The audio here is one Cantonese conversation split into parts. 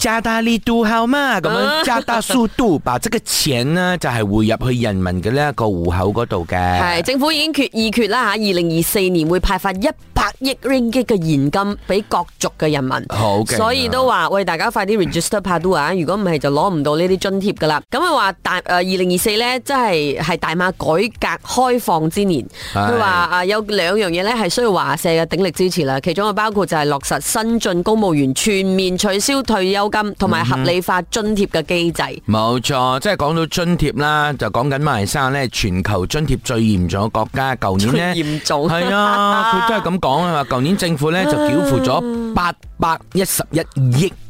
加大力度好嘛，咁樣加大速度，把這個錢呢就係匯入去人民嘅呢一個戶口嗰度嘅。係，政府已經決意決啦吓，二零二四年會派發一百億 ringgit 嘅現金俾各族嘅人民。好嘅，所以都話喂大家快啲 registerPadu 啊，如果唔係就攞唔到呢啲津貼噶啦。咁佢話大誒二零二四咧，即係係大馬改革開放之年。佢話啊有兩樣嘢咧係需要華社嘅鼎力支持啦，其中啊包括就係落實新進公務員全面取消退休。同埋合理化津貼嘅機制，冇、嗯、錯，即係講到津貼啦，就講緊馬來西亞咧，全球津貼最嚴重嘅國家，舊年呢，嚴重，係啊，佢都係咁講啊嘛，舊年政府咧就繳付咗八百一十一億。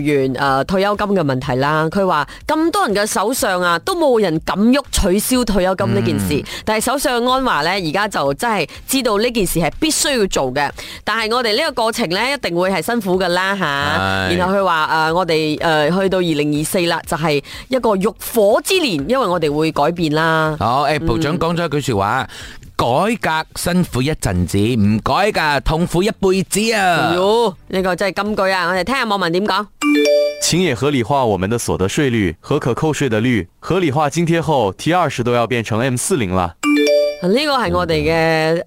員、呃、誒退休金嘅問題啦，佢話咁多人嘅手上啊，都冇人敢喐取消退休金呢件事，嗯、但係首相安華呢，而家就真係知道呢件事係必須要做嘅，但係我哋呢個過程呢，一定會係辛苦噶啦吓。然後佢話誒，我哋誒、呃、去到二零二四啦，就係、是、一個浴火之年，因為我哋會改變啦。好，誒，部長講咗一句說話。嗯改革辛苦一陣子，唔改革痛苦一輩子啊！哎呦，呢個真係金句啊！我哋聽下網民點講。請也合理化我們的所得稅率和可扣稅的率，合理化津貼後，T 二十都要變成 M 四零了。呢個係我哋嘅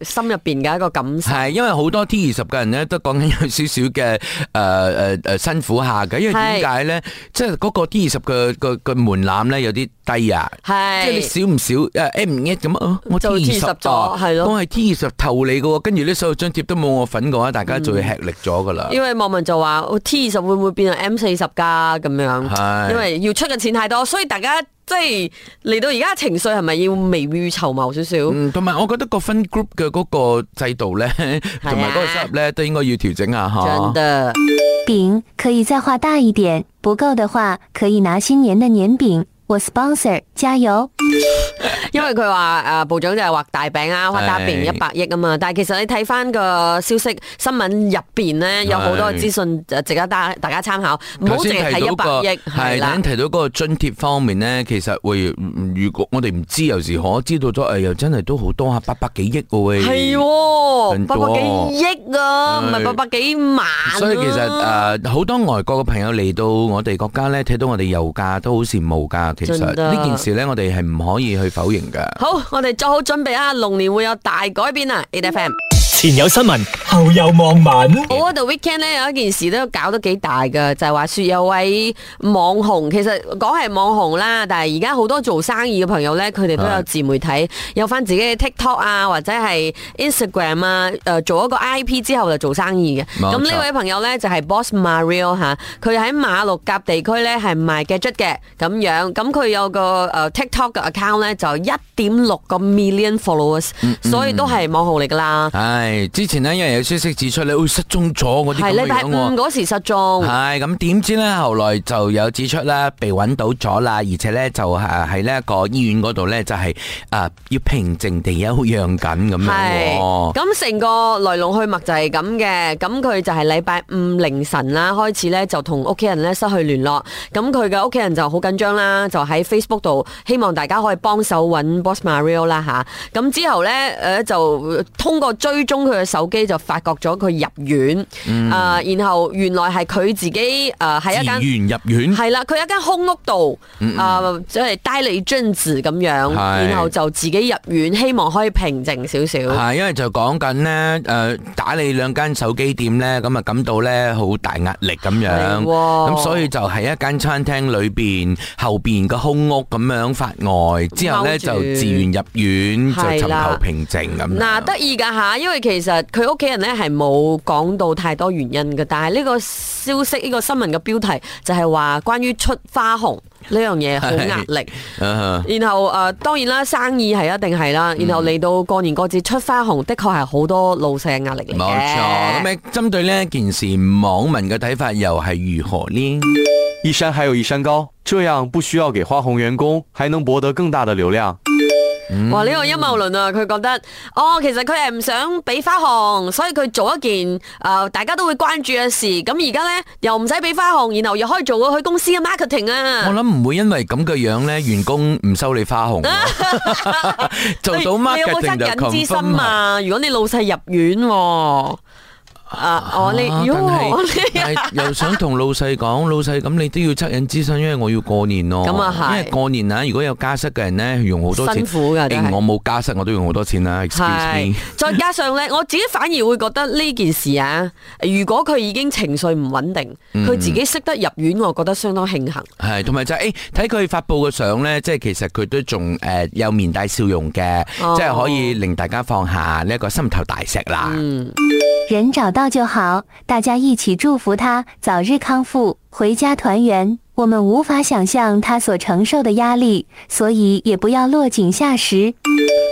誒心入邊嘅一個感受。係，因為好多 T 二十嘅人咧，都講緊有少少嘅誒誒誒辛苦一下嘅。因為點解咧？即係嗰個 T 二十嘅門嘅門檻咧，有啲低啊。係，即係你少唔少誒 M 一咁啊？我 T 二十哦，係咯。我係 T 二十頭嚟嘅，跟住呢所有張貼都冇我份嘅話，大家就要吃力咗噶啦。因為網民就話：T 二十會唔會變成 M 四十噶咁樣？係，因為要出嘅錢太多，所以大家。即係嚟到而家情緒係咪要未雨綢繆少少？嗯，同埋我覺得個分 group 嘅嗰個制度咧，同埋嗰個收入咧，都應該要調整下吓。真的，餅、啊、可以再畫大一點，不夠的話可以拿新年的年餅。我 sponsor，加油。 因為佢話誒，部長就係畫大餅啊，畫大餅一百億啊嘛。但係其實你睇翻個消息新聞入邊咧，有好多資訊值得大大家參考，唔好淨係睇一百億係啦。頭先提到嗰個，個津貼方面咧，其實會如果我哋唔知道，有時可知道咗誒、哎，又真係都好多吓八百幾億嘅喂，係喎，八百幾億啊，唔係八百幾、啊、萬、啊。所以其實誒，好、呃、多外國嘅朋友嚟到我哋國家咧，睇到我哋油價都好羨慕噶。其實呢件事呢，我哋係唔可以去否認嘅。好，好我哋做好準備啊！龍年會有大改變啊！AFM 前有新聞，後有網民。我嗰度 weekend 咧有一件事都搞得幾大噶，就係話説有位網紅，其實講係網紅啦，但係而家好多做生意嘅朋友咧，佢哋都有自媒體，有翻自己嘅 TikTok 啊，或者係 Instagram 啊，誒做一個 IP 之後就做生意嘅。咁呢位朋友咧就係 Boss Mario 嚇，佢喺馬六甲地區咧係賣 gadget 嘅咁樣，咁佢有個誒 TikTok 嘅 account 咧就一點六個 million followers，所以都係網紅嚟噶啦。之前咧，因為有消息指出咧，會失蹤咗嗰啲咁樣。係禮拜五嗰時失蹤。係咁，點知咧，後來就有指出咧，被揾到咗啦，而且咧就誒喺呢一個醫院嗰度咧，就係誒要平靜地休養緊咁樣。係。咁成個來龍去脈就係咁嘅，咁佢就係禮拜五凌晨啦，開始咧就同屋企人咧失去聯絡，咁佢嘅屋企人就好緊張啦，就喺 Facebook 度希望大家可以幫手揾 Boss Mario 啦吓。咁之後咧誒就通過追蹤。佢嘅手機就發覺咗佢入院啊，然後原來係佢自己誒喺一間，自願入院係啦，佢一間空屋度啊，即係戴利 Jones 咁樣，然後就自己入院，希望可以平靜少少。係因為就講緊咧誒，打理兩間手機店咧，咁啊感到咧好大壓力咁樣，咁所以就喺一間餐廳裏邊後邊個空屋咁樣發呆，之後咧就自願入院，就尋求平靜咁。嗱得意㗎嚇，因為其實佢屋企人咧係冇講到太多原因嘅，但係呢個消息呢、呢個新聞嘅標題就係話關於出花紅呢樣嘢好壓力，然後誒當然啦，生意係一定係啦，然後嚟、呃、到過年過節出花紅的確係好多老細嘅壓力嘅。冇錯，咁啊針對呢件事，網民嘅睇法又係如何呢？一山還有一山高，這樣不需要給花紅員工，還能博得更大的流量。嗯、哇！呢、呢個陰謀論啊，佢覺得哦，其實佢係唔想俾花紅，所以佢做一件誒、呃，大家都會關注嘅事。咁而家呢，又唔使俾花紅，然後又可以做到佢公司嘅 marketing 啊！我諗唔會因為咁嘅樣呢，員工唔收你花紅，啊。 你 做到 marketing 有個惻隱之心啊！如果你老細入院，啊。啊！我你，但係但係又想同老細講，老細咁你都要惻隱之心，因為我要過年咯。咁啊係，因為過年啊，如果有家室嘅人咧，用好多錢。辛苦噶，我冇家室，我都用好多錢啦。係，再加上咧，我自己反而會覺得呢件事啊，如果佢已經情緒唔穩定，佢自己識得入院，我覺得相當慶幸。係，同埋就係誒，睇佢發佈嘅相咧，即係其實佢都仲誒有面帶笑容嘅，即係可以令大家放下呢一個心頭大石啦。嗯，人找到就好，大家一起祝福他早日康復，回家團圓。我們無法想象他所承受的壓力，所以也不要落井下石。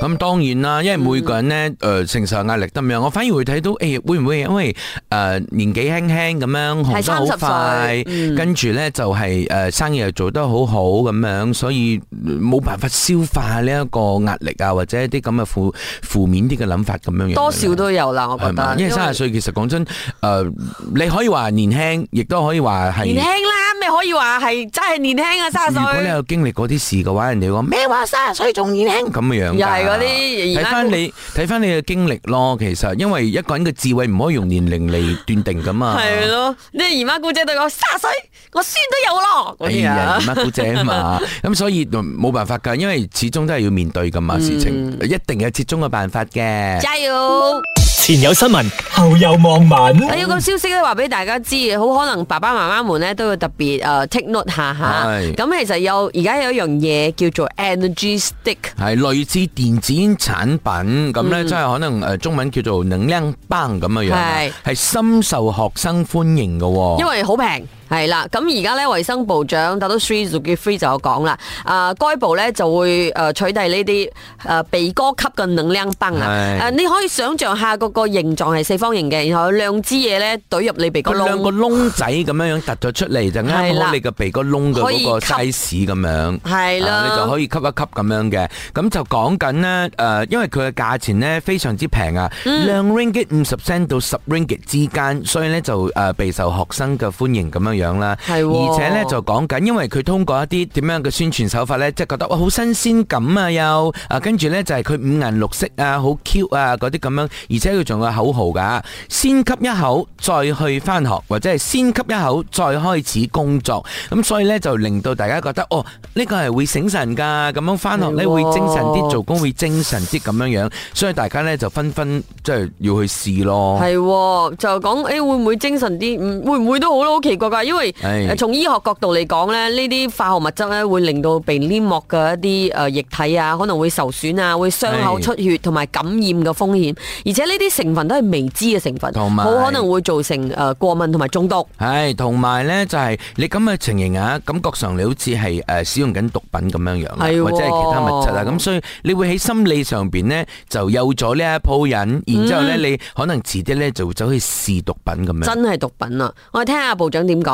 咁當然啦，因為每個人咧，誒、嗯呃、承受壓力得唔樣，我反而會睇到誒、欸，會唔會因為誒、呃、年紀輕輕咁樣紅得好快，嗯、跟住咧就係、是、誒、呃、生意又做得好好咁樣，所以冇辦法消化呢一個壓力啊，或者一啲咁嘅負負面啲嘅諗法咁樣樣。多少都有啦，我覺得，因為三十歲其實講真，誒、呃、你可以話年輕，亦都可以話係年輕啦。可以話係真係年輕啊，三十歲。如果你有經歷嗰啲事嘅話，人哋講咩話三十歲仲年輕咁嘅樣。又係嗰啲。睇翻你，睇翻你嘅經歷咯。其實因為一個人嘅智慧唔可以用年齡嚟斷定噶嘛。係咯，你姨媽姑姐對我三十歲，我孫都有咯。係姨媽姑姐嘛，咁所以冇辦法噶，因為始終都係要面對噶嘛事情，一定有折中嘅辦法嘅。加油！前有新聞，後有網民我有、哦、個消息咧，話俾大家知，好可能爸爸媽媽們咧都要特別誒、uh, take note 一下吓。咁其實有而家有一樣嘢叫做 energy stick，係類似電子產品咁咧，即係、嗯就是、可能誒中文叫做能量棒咁嘅樣，係係深受學生歡迎嘅，因為好平。係啦、啊，咁而家咧，衛生部長得到 three to get r e e 就有講啦。啊、呃，該部咧就會誒取締呢啲誒鼻哥級嘅能量棒啊。誒、呃，你可以想象下嗰個形狀係四方形嘅，然後有兩支嘢咧懟入你鼻哥窿。咁兩個窿仔咁樣樣突咗出嚟，就啱好你個鼻哥窿嘅嗰個 size 咁樣。係咯，你就可以吸一吸咁樣嘅。咁就講緊呢，誒、呃，因爲佢嘅價錢呢，非常之平啊，兩 ringgit 五十 cent 到十 ringgit 之間，所以呢，就誒備受學生嘅歡迎咁樣樣。樣啦、哦，而且呢，就講緊，因為佢通過一啲點樣嘅宣傳手法呢，即、就、係、是、覺得哇好新鮮感啊又，啊跟住呢，就係、是、佢五顏六色啊好 cute 啊嗰啲咁樣，而且佢仲有口號㗎，先吸一口再去翻學或者係先吸一口再開始工作，咁所以呢，就令到大家覺得哦呢、這個係會醒神㗎，咁樣翻學呢、哦，會精神啲，做工會精神啲咁樣樣，所以大家呢，就紛紛即係要去試咯，係、哦，就講誒、欸、會唔會精神啲，嗯會唔會都好好奇怪因為係從醫學角度嚟講咧，呢啲化學物質咧會令到鼻黏膜嘅一啲誒液體啊，可能會受損啊，會傷口出血同埋感染嘅風險。而且呢啲成分都係未知嘅成分，好可能會造成誒過敏同埋中毒。係，同埋咧就係你咁嘅情形啊，感覺上你好似係誒使用緊毒品咁樣樣、哦，或者係其他物質啊。咁所以你會喺心理上邊呢就有咗呢一鋪癮，然之後咧你可能遲啲咧就走去試毒品咁樣。嗯、真係毒品啊！我哋聽下部長點講。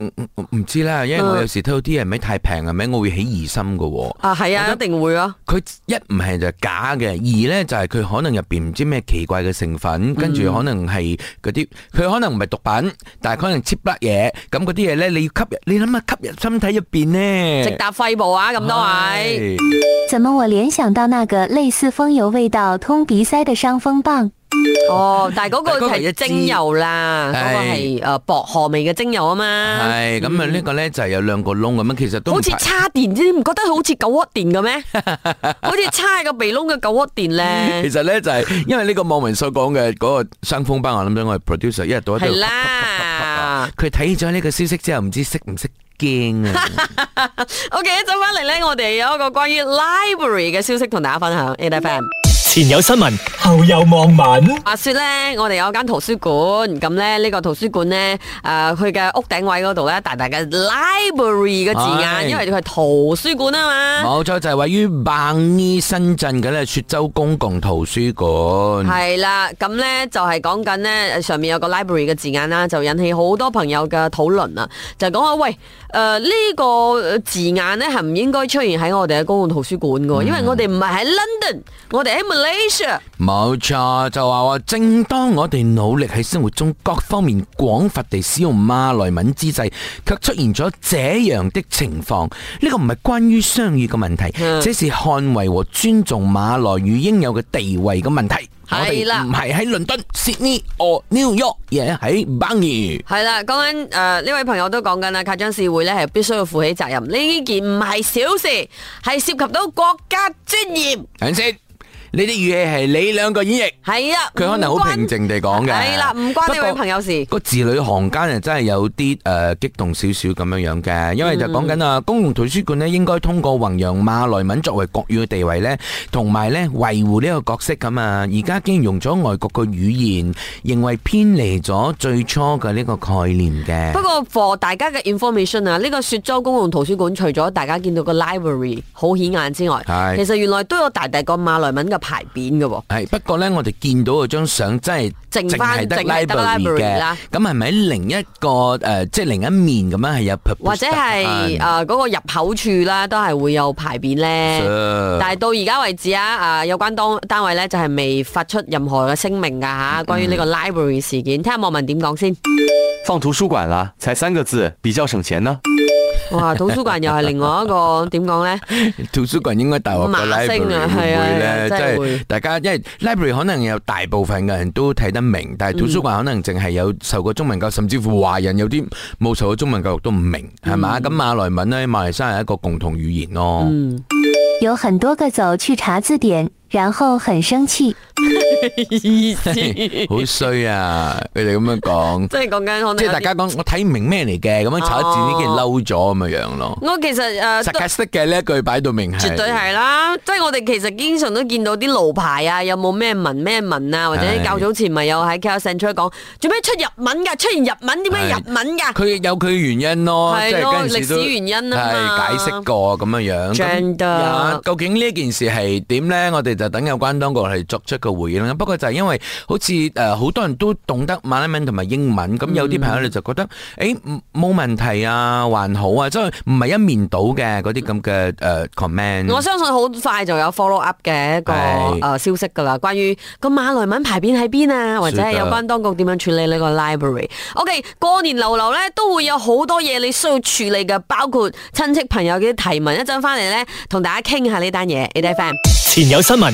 唔、嗯嗯、唔知啦，因為我有時睇到啲咪太平嘅咪？我會起疑心嘅。啊，係啊，一定會啊。佢一唔係就係假嘅，二咧就係佢可能入邊唔知咩奇怪嘅成分，跟住可能係嗰啲，佢可能唔係毒品，但係可能是 cheap 甩 -like、嘢。咁嗰啲嘢咧，你要吸入，你諗下吸入身體入邊呢，直達肺部啊！咁多位，怎麼我聯想到那個類似風油味道、通鼻塞嘅傷風棒？哦，但係嗰個係精油啦，係誒、嗰個、薄荷味嘅精油啊嘛，係咁啊呢個咧就係有兩個窿咁樣，其實都唔好似叉電，你唔覺得好似狗窩電嘅咩？ 好似叉個鼻窿嘅狗窩電咧。其實咧就係因為呢個網民所講嘅嗰個生風班，我諗緊我係 producer，一日到喺度。係啦，佢睇咗呢個消息之後，唔知識唔識驚啊？OK，一早翻嚟咧，我哋有一個關於 library 嘅消息同大家分享 a f m 前有新聞，後有網民。話說咧，我哋有間圖書館，咁咧呢個圖書館咧，誒，佢嘅屋頂位嗰度咧，大大嘅 library 嘅字眼，因為佢係圖書館啊嘛。冇錯，就係位於萬宜新鎮嘅咧雪州公共圖書館。係啦，咁咧就係講緊咧上面有個 library 嘅字眼啦，就引起好多朋友嘅討論啊。就講話，喂，誒呢個字眼咧係唔應該出現喺我哋嘅公共圖書館噶，因為我哋唔係喺 London，我哋喺麥。冇錯，就話我正當我哋努力喺生活中各方面廣泛地使用馬來文之際，卻出現咗這樣的情況。呢個唔係關於商業嘅問題，這是捍衛和尊重馬來語應有嘅地位嘅問題。係啦，唔係喺倫敦、悉尼、紐約，而係喺班尼。係啦，講緊誒呢位朋友都講緊啦，卡張事會咧係必須要負起責任。呢件唔係小事，係涉及到國家尊嚴。等等呢啲語氣係你兩個演繹，係啊，佢可能好平靜地講嘅，係啦，唔、啊、關呢位朋友事。個字裏行間啊，真係有啲誒激動少少咁樣樣嘅，因為就講緊啊，公共圖書館咧應該通過弘揚馬來文作為國語嘅地位咧，同埋咧維護呢個角色咁啊。而家竟然用咗外國嘅語言，認為偏離咗最初嘅呢個概念嘅。不過 for 大家嘅 information 啊，呢個雪州公共圖書館除咗大家見到個 library 好顯眼之外，其實原來都有大大個馬來文嘅。牌匾嘅喎，係不過咧，我哋見到嗰張相真係淨翻係得 library 嘅。咁係咪喺另一個誒、呃，即係另一面咁樣係有或者係誒嗰個入口處啦，都係會有牌匾咧。但係到而家為止啊，誒、呃、有關當單位咧就係未發出任何嘅聲明噶吓。關於呢個 library 事件，聽下網民點講先。放圖書館啦，才三個字，比較省錢呢。哇！圖書館又係另外一個點講咧？圖書館應該大鑊過 library 即係、啊就是、大家，因為 library 可能有大部分嘅人都睇得明，但係圖書館可能淨係有受過中文教育、嗯，甚至乎華人有啲冇受過中文教育都唔明，係嘛？咁、嗯、馬來文咧，馬來西亞係一個共同語言咯。嗯，有很多個走去查字典。然後很生氣，意思好衰啊！你哋咁樣講，即係講緊可能，即係大家講，我睇唔明咩嚟嘅咁樣炒一字已經嬲咗咁樣樣咯。我其實誒，識嘅呢一句擺到明係絕對係啦，即係我哋其實經常都見到啲路牌啊，有冇咩文咩文啊，或者較早前咪有喺 Kasseng 出去講，做咩出日文噶？出現日文點解日文噶？佢有佢原因咯，即係歷史原因啊嘛。係解釋過咁樣樣，究竟呢件事係點咧？我哋就。等有關當局係作出個回應啦。不過就係因為好似誒好多人都懂得馬來文同埋英文，咁有啲朋友你就覺得誒冇、嗯欸、問題啊，還好啊，即係唔係一面倒嘅嗰啲咁嘅誒 comment。我相信好快就有 follow up 嘅一個誒、呃、消息噶啦。關於個馬來文牌匾喺邊啊，或者係有關當局點樣處理呢個 library。OK，過年流流咧都會有好多嘢你需要處理嘅，包括親戚朋友嘅提問一陣翻嚟咧，同大家傾下呢單嘢。A D F M 前有新聞。